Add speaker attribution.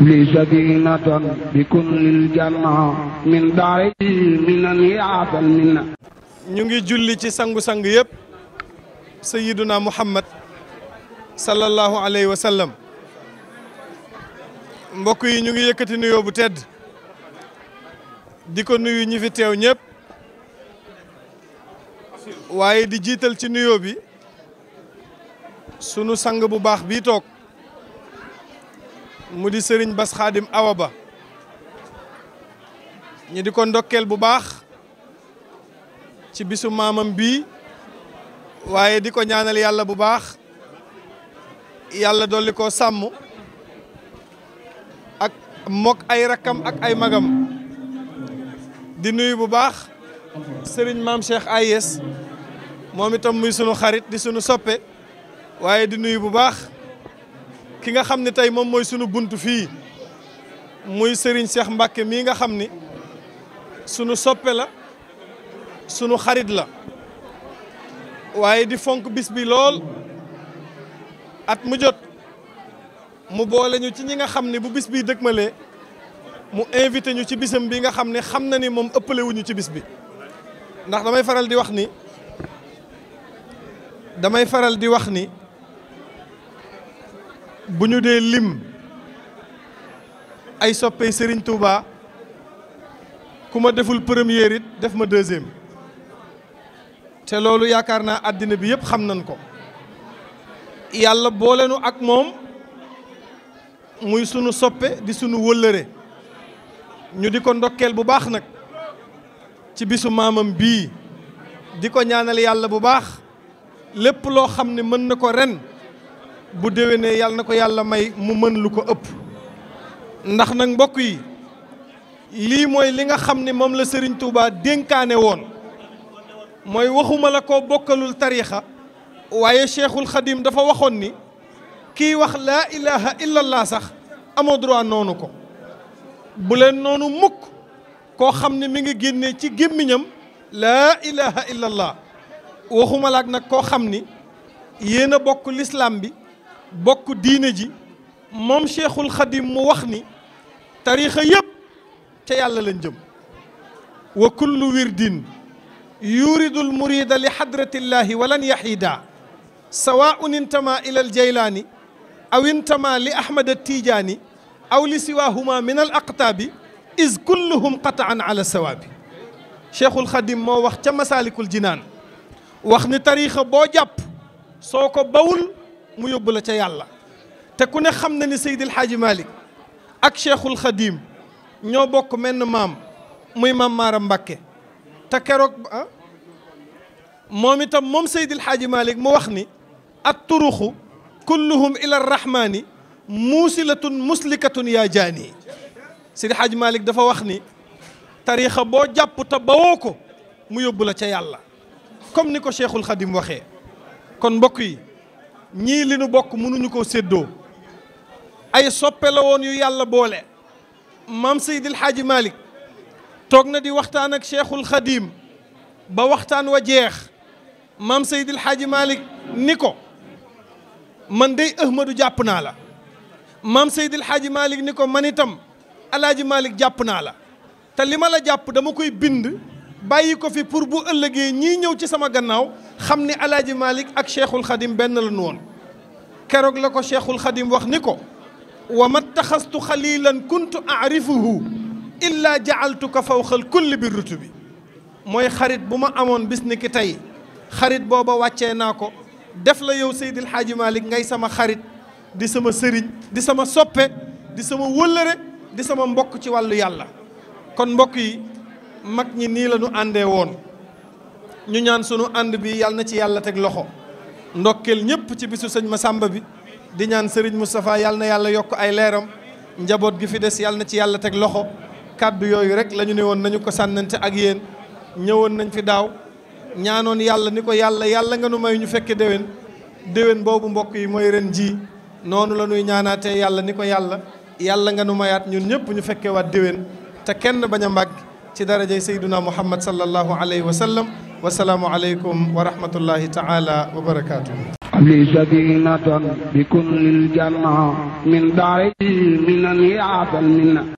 Speaker 1: لي سكينة بكل الجنة من داري من نيات المنة ñu ngi julli ci sangu-sang yëpp sayiduna muhammad sallallahu alayhi wa mbokk yi ñu ngi yëkkati nuyoo bu tedd di ko nuyu ñi fi teew ñëpp waaye di jiital ci nuyoo bi sunu sang bu baax bii toog mu di sëriñ Bass Khadim Awa Ba ñu di ko ndokkeel bu baax ci bisu maamam bii waaye di ko ñaanal yàlla bu baax yàlla dolli koo sàmm ak mok ay rakkam ak ay magam di nuyu bu baax sëriñ maam Cheikh Ayes moom itam muy sunu xarit di sunu soppe waaye di nuyu bu baax ki nga xam ne tey moom mooy sunu bunt fii muy sëriñ Cheikh Mbacke mii nga xam ni sunu soppe la sunu xarit la waaye di fonk bis bi lool at mu jot mu boole ñu ci ñi nga xam ne bu bis bi dëgmalee mu invité ñu ci bisam bii nga xam ne xam na ni moom ëppale ci bis bi ndax damay faral di wax ni damay faral di wax ni bu ñu dee lim ay soppey Serigne Touba ku ma deful première it def ma deuxième te loolu yaakaar naa àddina bi yëpp xam nañ ko yàlla boolenu ak moom muy sunu soppe di sunu wëllëre ñu di ko ndokkeel bu baax nag ci bisu maamam bii di ko ñaanal yàlla bu baax lépp loo xam ne mën na ko ren bu déwénee yàlla na ko yàlla may mu mën lu ko ëpp ndax nag mbokk yi lii mooy li nga xam ne moom la sëriñ Touba dénkaane woon mooy waxuma la ko bokkalul tariixa waaye Cheikhul xadim dafa waxoon ni kiy wax laa ilaha illallah sax amoo droit noonu ko bu leen noonu mukk koo xam ne mi ngi génnee ci gémmiñam laa ilaha illallah waxuma la ak nag koo xam ni yéen a bokk lislaam bi bokk diine ji moom cheikhul xadim mu wax ni tarixa yépp ca yàlla lañ jëm wa kullu wirdin yuridu lmurida li xadratillahi walan yaxiida sawaun intama ila aljaylaani aw intama li ahmad attijaani aw li siwahuma min al aqtaabi is kulluhum qataan ala sawaabi cheikhul xadim moo wax ca masaalikul jinaan wax ni tarixa boo jàpp soo ko bawul mu yóbbula la ca yàlla te ku ne xam na ni Seydil Hadji Malick ak Cheikhul Khadim ñoo bokk menn maam muy maam Maaram te keroog ah, moom itam moom Seydil Hadji malik mu wax ni at turuxu kulluhum ila rahmaani muusilatun muslikatun yaa jaani Seydil Hadji Malick dafa wax ni tariixa boo jàpp te bawoo ko mu yóbbula la ca yàlla comme ni ko Cheikhul Khadim waxee kon mbokk yi ñii li nu bokk mënuñu koo séddoo ay soppe la woon yu yàlla boole maam Seydil Hadji Malick toog na di waxtaan ak Cheikhul Khadim ba waxtaan wa jeex maam Seydil Hadji malik ni ko man dey Ahmadou jàpp naa la maam Seydil Hadji malik ni ko man itam alaaji Malick jàpp naa la te li ma la jàpp dama koy bind bàyyi ko fi pour bu ëllëg ëllëgee ñii ñëw ci sama gannaaw xam ni alaaji Malick ak cheikhul xadim benn la nu woon keroog la ko cheikhul xadim wax ni ko wa ma taxastu xalilan kuntu arifuhu illa jaaltuka fawqal kulli bi rutu bi mooy xarit bu ma amoon bis ni ki tey xarit booba wàccee naa ko def la yow Seydil Hadji Malick ngay sama xarit di sama sëriñ di sama soppe di sama wëllëre di sama mbokk ci wàllu yàlla kon mbokk yi mag ñi nii la àndee woon ñu ñaan sunu ànd bi yàlla na ci yàlla teg loxo ndokkeel ñëpp ci bisu sëñ Massamba bi di ñaan Serigne Moustapha yàlla na yàlla yokk ay leeram njaboot gi fi des yàlla na ci yàlla teg loxo kàddu yooyu rek lañu ñu ne woon nañu ko sànnante ak yéen ñëwoon nañ fi daaw ñaanoon yàlla ni ko yàlla yàlla nga nu may ñu fekke déwén déwén boobu mbokk yi mooy ren ji noonu la ñuy ñaanaatee yàlla ni ko yàlla yàlla nga nu mayaat ñun ñëpp ñu fekke waat te kenn bañ a màgg ci darajay sayduna muhammad sallallahu alayhi wa sallam wasalaamu aleykum wa rahmatullahi taala wa barakaatu li sadinatan bi kun lil janna min daari minan yaatan minna